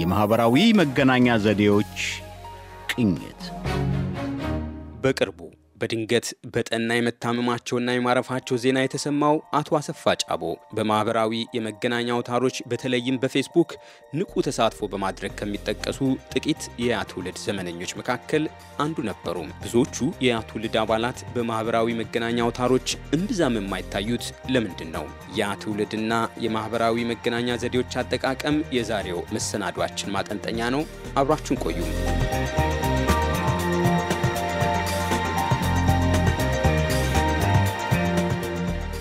የማኅበራዊ መገናኛ ዘዴዎች ቅኝት በቅርቡ በድንገት በጠና የመታመማቸውና የማረፋቸው ዜና የተሰማው አቶ አሰፋ ጫቦ በማህበራዊ የመገናኛ አውታሮች በተለይም በፌስቡክ ንቁ ተሳትፎ በማድረግ ከሚጠቀሱ ጥቂት የአትውልድ ዘመነኞች መካከል አንዱ ነበሩ። ብዙዎቹ የአትውልድ አባላት በማህበራዊ መገናኛ አውታሮች እምብዛም የማይታዩት ለምንድን ነው? የአትውልድና የማህበራዊ መገናኛ ዘዴዎች አጠቃቀም የዛሬው መሰናዷችን ማጠንጠኛ ነው። አብራችሁን ቆዩም።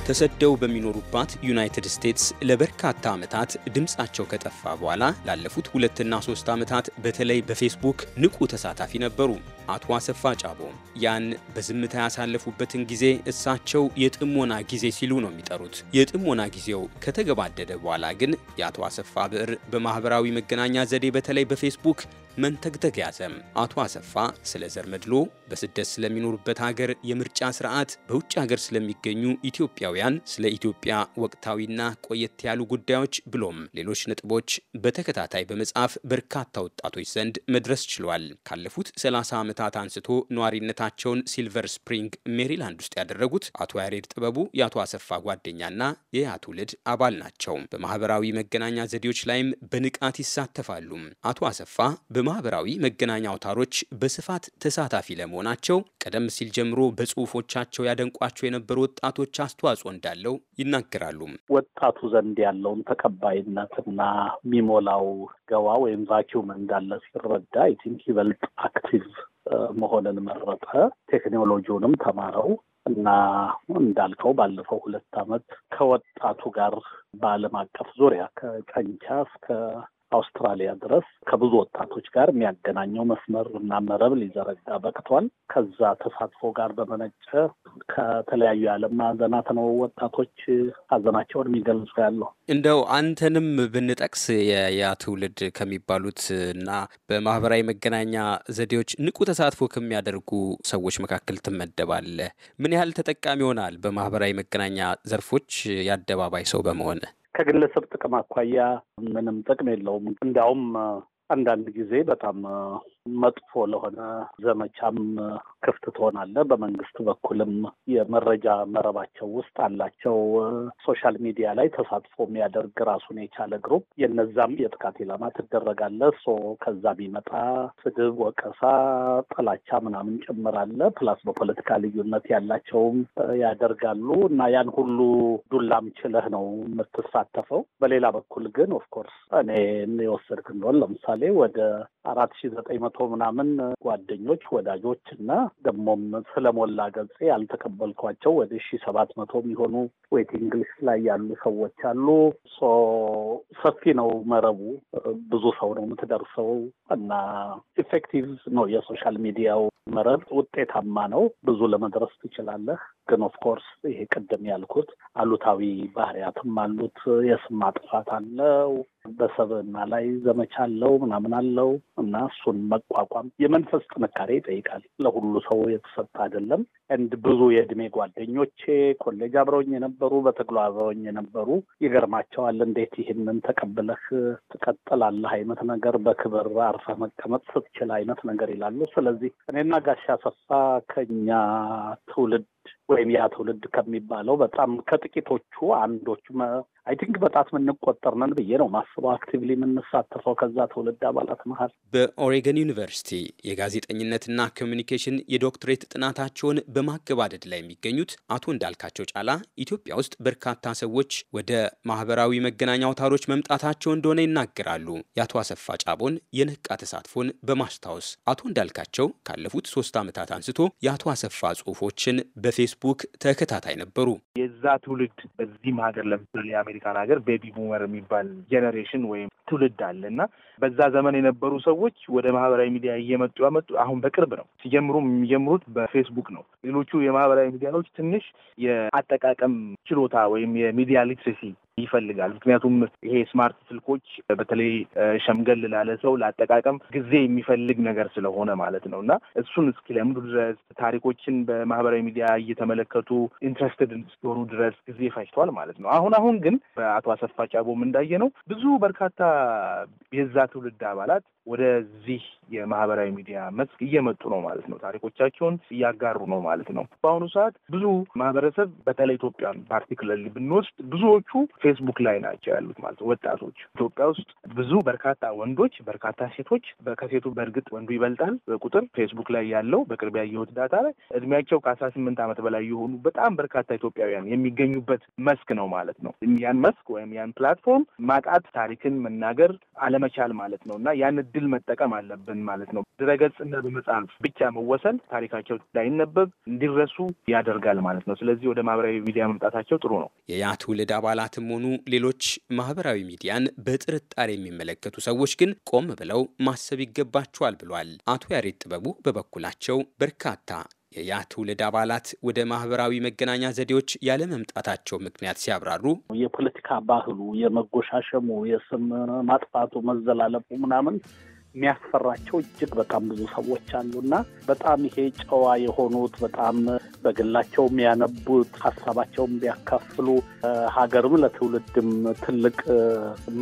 ተሰደው በሚኖሩባት ዩናይትድ ስቴትስ ለበርካታ ዓመታት ድምፃቸው ከጠፋ በኋላ ላለፉት ሁለትና ሶስት ዓመታት በተለይ በፌስቡክ ንቁ ተሳታፊ ነበሩ። አቶ አሰፋ ጫቦ ያን በዝምታ ያሳለፉበትን ጊዜ እሳቸው የጥሞና ጊዜ ሲሉ ነው የሚጠሩት። የጥሞና ጊዜው ከተገባደደ በኋላ ግን የአቶ አሰፋ ብዕር በማኅበራዊ መገናኛ ዘዴ በተለይ በፌስቡክ መንተግተግ ያዘ። አቶ አሰፋ ስለ ዘር መድሎ፣ በስደት ስለሚኖሩበት ሀገር የምርጫ ስርዓት፣ በውጭ ሀገር ስለሚገኙ ኢትዮጵያውያን፣ ስለ ኢትዮጵያ ወቅታዊና ቆየት ያሉ ጉዳዮች ብሎም ሌሎች ነጥቦች በተከታታይ በመጻፍ በርካታ ወጣቶች ዘንድ መድረስ ችሏል። ካለፉት 30 ዓመታት አንስቶ ነዋሪነታቸውን ሲልቨር ስፕሪንግ ሜሪላንድ ውስጥ ያደረጉት አቶ ያሬድ ጥበቡ የአቶ አሰፋ ጓደኛና የያ ትውልድ አባል ናቸው። በማህበራዊ መገናኛ ዘዴዎች ላይም በንቃት ይሳተፋሉ። አቶ አሰፋ በማህበራዊ መገናኛ አውታሮች በስፋት ተሳታፊ ለመሆናቸው ቀደም ሲል ጀምሮ በጽሁፎቻቸው ያደንቋቸው የነበሩ ወጣቶች አስተዋጽኦ እንዳለው ይናገራሉ። ወጣቱ ዘንድ ያለውን ተቀባይነትና የሚሞላው ገባ ወይም ቫኪውም እንዳለ ሲረዳ አይ ቲንክ ይበልጥ አክቲቭ መሆንን መረጠ። ቴክኖሎጂውንም ተማረው እና እንዳልከው ባለፈው ሁለት ዓመት ከወጣቱ ጋር በዓለም አቀፍ ዙሪያ ከጨንቻ እስከ አውስትራሊያ ድረስ ከብዙ ወጣቶች ጋር የሚያገናኘው መስመር እና መረብ ሊዘረጋ በቅቷል። ከዛ ተሳትፎ ጋር በመነጨ ከተለያዩ የዓለም ማዕዘናት ነው ወጣቶች ሀዘናቸውን የሚገልጹ ያለው። እንደው አንተንም ብንጠቅስ ያ ትውልድ ከሚባሉት እና በማህበራዊ መገናኛ ዘዴዎች ንቁ ተሳትፎ ከሚያደርጉ ሰዎች መካከል ትመደባለህ። ምን ያህል ተጠቃሚ ይሆናል በማህበራዊ መገናኛ ዘርፎች የአደባባይ ሰው በመሆን ከግለሰብ ጥቅም አኳያ ምንም ጥቅም የለውም። እንዲያውም አንዳንድ ጊዜ በጣም መጥፎ ለሆነ ዘመቻም ክፍት ትሆናለ። በመንግስት በኩልም የመረጃ መረባቸው ውስጥ አላቸው። ሶሻል ሚዲያ ላይ ተሳትፎ የሚያደርግ ራሱን የቻለ ግሩፕ የነዛም የጥቃት ኢላማ ትደረጋለ። ሶ ከዛ ቢመጣ ስድብ፣ ወቀሳ፣ ጥላቻ ምናምን ጭምራለ። ፕላስ በፖለቲካ ልዩነት ያላቸውም ያደርጋሉ እና ያን ሁሉ ዱላም ችለህ ነው የምትሳተፈው። በሌላ በኩል ግን ኦፍኮርስ እኔ የወሰድክ እንደሆን ለምሳሌ ወደ አራት ሺ ዘጠኝ መቶ መቶ ምናምን ጓደኞች ወዳጆች እና ደግሞም ስለሞላ ገጽ ያልተቀበልኳቸው ወደ ሺ ሰባት መቶ የሚሆኑ ዌቲንግ ሊስት ላይ ያሉ ሰዎች አሉ። ሶ ሰፊ ነው መረቡ፣ ብዙ ሰው ነው የምትደርሰው እና ኢፌክቲቭ ነው የሶሻል ሚዲያው መረብ፣ ውጤታማ ነው። ብዙ ለመድረስ ትችላለህ። ግን ኦፍኮርስ ይሄ ቅድም ያልኩት አሉታዊ ባህሪያትም አሉት። የስም ማጥፋት አለው። በሰብና ላይ ዘመቻ አለው ምናምን አለው እና እሱን መቋቋም የመንፈስ ጥንካሬ ይጠይቃል። ለሁሉ ሰው የተሰጠ አይደለም። እንድ ብዙ የእድሜ ጓደኞቼ ኮሌጅ አብረውኝ የነበሩ በተግሎ አብረውኝ የነበሩ ይገርማቸዋል። እንዴት ይህንን ተቀብለህ ትቀጥላለህ አይነት ነገር በክብር አርፈህ መቀመጥ ስትችል አይነት ነገር ይላሉ። ስለዚህ እኔና ጋሻ ሰፋ ከኛ ትውልድ ወይም ያ ትውልድ ከሚባለው በጣም ከጥቂቶቹ አንዶቹ አይ ቲንክ በጣት የምንቆጠር ነን ብዬ ነው ማስበው። አክቲቭሊ የምንሳተፈው ከዛ ትውልድ አባላት መሀል። በኦሬገን ዩኒቨርሲቲ የጋዜጠኝነትና ኮሚኒኬሽን የዶክትሬት ጥናታቸውን በማገባደድ ላይ የሚገኙት አቶ እንዳልካቸው ጫላ ኢትዮጵያ ውስጥ በርካታ ሰዎች ወደ ማህበራዊ መገናኛ አውታሮች መምጣታቸው እንደሆነ ይናገራሉ። የአቶ አሰፋ ጫቦን የነቃ ተሳትፎን በማስታወስ አቶ እንዳልካቸው ካለፉት ሶስት ዓመታት አንስቶ የአቶ አሰፋ ጽሁፎችን በፌስ ፌስቡክ ተከታታይ ነበሩ። የዛ ትውልድ በዚህም ሀገር ለምሳሌ የአሜሪካን ሀገር ቤቢ ቡመር የሚባል ጄኔሬሽን ወይም ትውልድ አለ እና በዛ ዘመን የነበሩ ሰዎች ወደ ማህበራዊ ሚዲያ እየመጡ ያመጡ አሁን በቅርብ ነው ሲጀምሩ የሚጀምሩት በፌስቡክ ነው። ሌሎቹ የማህበራዊ ሚዲያዎች ትንሽ የአጠቃቀም ችሎታ ወይም የሚዲያ ሊትሬሲ ይፈልጋል። ምክንያቱም ይሄ ስማርት ስልኮች በተለይ ሸምገል ላለ ሰው ለአጠቃቀም ጊዜ የሚፈልግ ነገር ስለሆነ ማለት ነው እና እሱን እስኪለምዱ ድረስ ታሪኮችን በማህበራዊ ሚዲያ እየተመለከቱ ኢንትረስትድ እስኪሆኑ ድረስ ጊዜ ፈጅቷል ማለት ነው። አሁን አሁን ግን በአቶ አሰፋ ጫቦም እንዳየ ነው ብዙ በርካታ የዛ ትውልድ አባላት ወደዚህ የማህበራዊ ሚዲያ መስክ እየመጡ ነው ማለት ነው። ታሪኮቻቸውን እያጋሩ ነው ማለት ነው። በአሁኑ ሰዓት ብዙ ማህበረሰብ በተለይ ኢትዮጵያን ፓርቲክለር ብንወስድ ብዙዎቹ ፌስቡክ ላይ ናቸው ያሉት ማለት ነው። ወጣቶች ኢትዮጵያ ውስጥ ብዙ በርካታ ወንዶች፣ በርካታ ሴቶች ከሴቱ በእርግጥ ወንዱ ይበልጣል በቁጥር ፌስቡክ ላይ ያለው በቅርብ ያየሁት ዳታ ላይ እድሜያቸው ከአስራ ስምንት ዓመት በላይ የሆኑ በጣም በርካታ ኢትዮጵያውያን የሚገኙበት መስክ ነው ማለት ነው። ያን መስክ ወይም ያን ፕላትፎርም ማጣት ታሪክን መናገር አለመቻል ማለት ነው እና ያን እድል መጠቀም አለብን ማለት ነው። ድረገጽና በመጽሐፍ ብቻ መወሰን ታሪካቸው እንዳይነበብ እንዲረሱ ያደርጋል ማለት ነው። ስለዚህ ወደ ማህበራዊ ሚዲያ መምጣታቸው ጥሩ ነው። የያ ትውልድ አባላትም ሆኑ ሌሎች ማህበራዊ ሚዲያን በጥርጣሬ የሚመለከቱ ሰዎች ግን ቆም ብለው ማሰብ ይገባቸዋል ብሏል። አቶ ያሬድ ጥበቡ በበኩላቸው በርካታ የያ ትውልድ አባላት ወደ ማህበራዊ መገናኛ ዘዴዎች ያለመምጣታቸው ምክንያት ሲያብራሩ የፖለቲካ ባህሉ የመጎሻሸሙ፣ የስም ማጥፋቱ፣ መዘላለፉ ምናምን የሚያስፈራቸው እጅግ በጣም ብዙ ሰዎች አሉና በጣም ይሄ ጨዋ የሆኑት በጣም በግላቸው የሚያነቡት ሀሳባቸውን ቢያካፍሉ ሀገርም ለትውልድም ትልቅ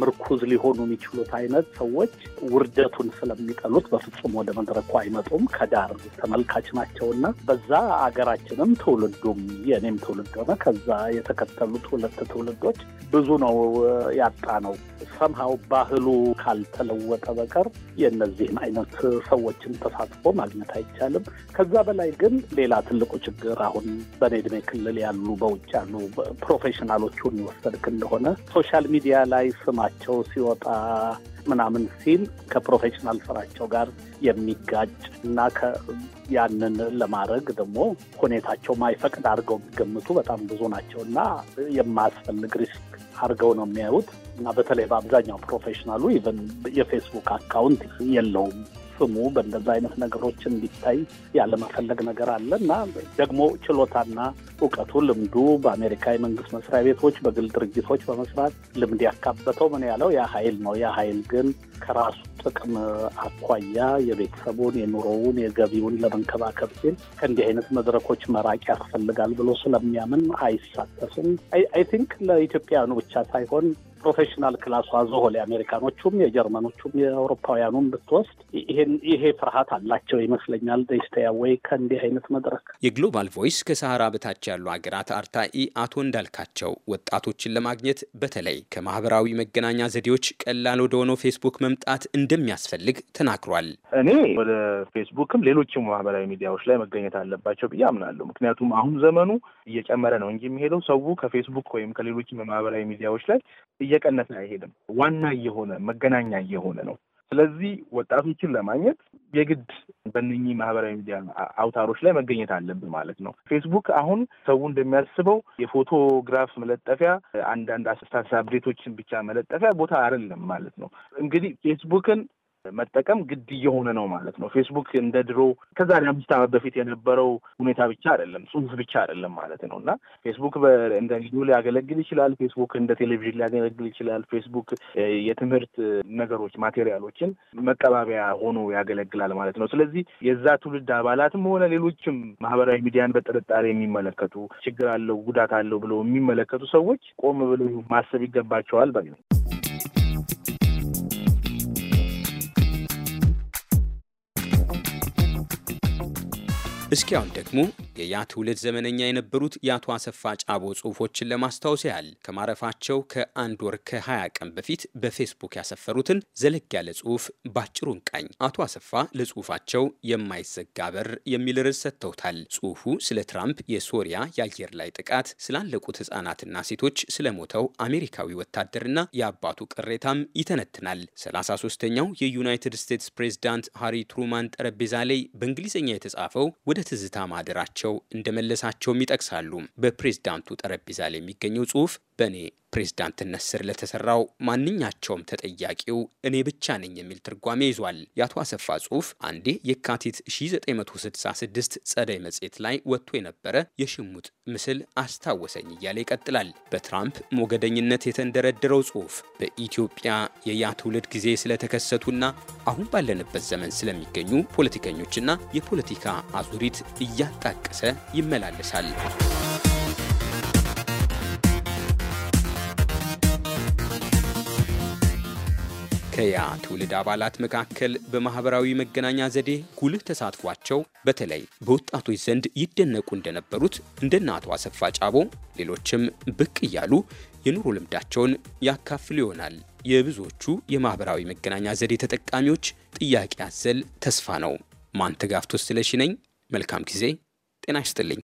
ምርኩዝ ሊሆኑ የሚችሉት አይነት ሰዎች ውርደቱን ስለሚጠሉት በፍጹም ወደ መድረኩ አይመጡም። ከዳር ተመልካች ናቸውና በዛ አገራችንም ትውልዱም የእኔም ትውልድ ሆነ ከዛ የተከተሉት ሁለት ትውልዶች ብዙ ነው ያጣ ነው። ሰምሃው ባህሉ ካልተለወጠ በቀር የእነዚህን አይነት ሰዎችን ተሳትፎ ማግኘት አይቻልም። ከዛ በላይ ግን ሌላ ትልቁ ችግር አሁን በኔ ዕድሜ ክልል ያሉ በውጭ ያሉ ፕሮፌሽናሎቹን ይወሰድክ እንደሆነ ሶሻል ሚዲያ ላይ ስማቸው ሲወጣ ምናምን ሲል ከፕሮፌሽናል ስራቸው ጋር የሚጋጭ እና ያንን ለማድረግ ደግሞ ሁኔታቸው ማይፈቅድ አድርገው የሚገምቱ በጣም ብዙ ናቸው እና የማያስፈልግ ሪስክ አድርገው ነው የሚያዩት እና በተለይ በአብዛኛው ፕሮፌሽናሉ ኢቨን የፌስቡክ አካውንት የለውም ስሙ በእንደዚ አይነት ነገሮች እንዲታይ ያለመፈለግ ነገር አለ እና ደግሞ ችሎታና እውቀቱ ልምዱ በአሜሪካ የመንግስት መስሪያ ቤቶች፣ በግል ድርጅቶች በመስራት ልምድ ያካበተው ምን ያለው ያ ሀይል ነው። ያ ሀይል ግን ከራሱ ጥቅም አኳያ የቤተሰቡን፣ የኑሮውን፣ የገቢውን ለመንከባከብ ሲል ከእንዲህ አይነት መድረኮች መራቅ ያስፈልጋል ብሎ ስለሚያምን አይሳተፍም። አይ ቲንክ ለኢትዮጵያውያኑ ብቻ ሳይሆን ፕሮፌሽናል ክላሱ አዞሆል የአሜሪካኖቹም የጀርመኖቹም የአውሮፓውያኑም ብትወስድ ይሄ ፍርሃት አላቸው ይመስለኛል። ደስተያወይ ከእንዲህ አይነት መድረክ የግሎባል ቮይስ ከሰሃራ በታች ያሉ ሀገራት አርታኢ አቶ እንዳልካቸው ወጣቶችን ለማግኘት በተለይ ከማህበራዊ መገናኛ ዘዴዎች ቀላል ወደ ሆነው ፌስቡክ መምጣት እንደሚያስፈልግ ተናግሯል። እኔ ወደ ፌስቡክም ሌሎችም ማህበራዊ ሚዲያዎች ላይ መገኘት አለባቸው ብዬ አምናለሁ። ምክንያቱም አሁን ዘመኑ እየጨመረ ነው እንጂ የሚሄደው ሰው ከፌስቡክ ወይም ከሌሎችም ማህበራዊ ሚዲያዎች ላይ እየቀነሰ አይሄድም። ዋና እየሆነ መገናኛ እየሆነ ነው። ስለዚህ ወጣቶችን ለማግኘት የግድ በእነኚህ ማህበራዊ ሚዲያ አውታሮች ላይ መገኘት አለብን ማለት ነው። ፌስቡክ አሁን ሰው እንደሚያስበው የፎቶግራፍ መለጠፊያ፣ አንዳንድ አስታስ አብዴቶችን ብቻ መለጠፊያ ቦታ አይደለም ማለት ነው። እንግዲህ ፌስቡክን መጠቀም ግድ እየሆነ ነው ማለት ነው። ፌስቡክ እንደ ድሮ ከዛሬ አምስት ዓመት በፊት የነበረው ሁኔታ ብቻ አይደለም፣ ጽሁፍ ብቻ አይደለም ማለት ነው እና ፌስቡክ እንደ ሬዲዮ ሊያገለግል ይችላል። ፌስቡክ እንደ ቴሌቪዥን ሊያገለግል ይችላል። ፌስቡክ የትምህርት ነገሮች ማቴሪያሎችን መቀባበያ ሆኖ ያገለግላል ማለት ነው። ስለዚህ የዛ ትውልድ አባላትም ሆነ ሌሎችም ማህበራዊ ሚዲያን በጥርጣሬ የሚመለከቱ ችግር አለው ጉዳት አለው ብለው የሚመለከቱ ሰዎች ቆም ብለው ማሰብ ይገባቸዋል ባይ ነው። እስኪ አሁን ደግሞ የያ ትውልድ ዘመነኛ የነበሩት የአቶ አሰፋ ጫቦ ጽሁፎችን ለማስታወስ ያህል ከማረፋቸው ከአንድ ወር ከ20 ቀን በፊት በፌስቡክ ያሰፈሩትን ዘለግ ያለ ጽሁፍ ባጭሩ እንቃኝ። አቶ አሰፋ ለጽሁፋቸው የማይዘጋ በር የሚል ርዕስ ሰጥተውታል። ጽሁፉ ስለ ትራምፕ የሶሪያ የአየር ላይ ጥቃት፣ ስላለቁት ህጻናትና ሴቶች፣ ስለሞተው አሜሪካዊ ወታደርና የአባቱ ቅሬታም ይተነትናል። 33ኛው የዩናይትድ ስቴትስ ፕሬዝዳንት ሃሪ ትሩማን ጠረጴዛ ላይ በእንግሊዝኛ የተጻፈው ወደ ትዝታ ማደራቸው እጃቸው እንደመለሳቸውም ይጠቅሳሉ። በፕሬዝዳንቱ ጠረጴዛ ላይ የሚገኘው ጽሁፍ በእኔ ፕሬዝዳንትነት ስር ለተሰራው ማንኛቸውም ተጠያቂው እኔ ብቻ ነኝ የሚል ትርጓሜ ይዟል። የአቶ አሰፋ ጽሁፍ አንዴ የካቲት 1966 ጸደይ መጽሔት ላይ ወጥቶ የነበረ የሽሙጥ ምስል አስታወሰኝ እያለ ይቀጥላል። በትራምፕ ሞገደኝነት የተንደረደረው ጽሁፍ በኢትዮጵያ የያ ትውልድ ጊዜ ስለተከሰቱና አሁን ባለንበት ዘመን ስለሚገኙ ፖለቲከኞችና የፖለቲካ አዙሪት እያጣቀሰ ይመላለሳል። ከያ ትውልድ አባላት መካከል በማህበራዊ መገናኛ ዘዴ ጉልህ ተሳትፏቸው በተለይ በወጣቶች ዘንድ ይደነቁ እንደነበሩት እንደና አቶ አሰፋ ጫቦ ሌሎችም ብቅ እያሉ የኑሮ ልምዳቸውን ያካፍሉ ይሆናል የብዙዎቹ የማህበራዊ መገናኛ ዘዴ ተጠቃሚዎች ጥያቄ አዘል ተስፋ ነው። ማንተጋፍቶ ስለሺ ነኝ። መልካም ጊዜ። ጤና ይስጥልኝ።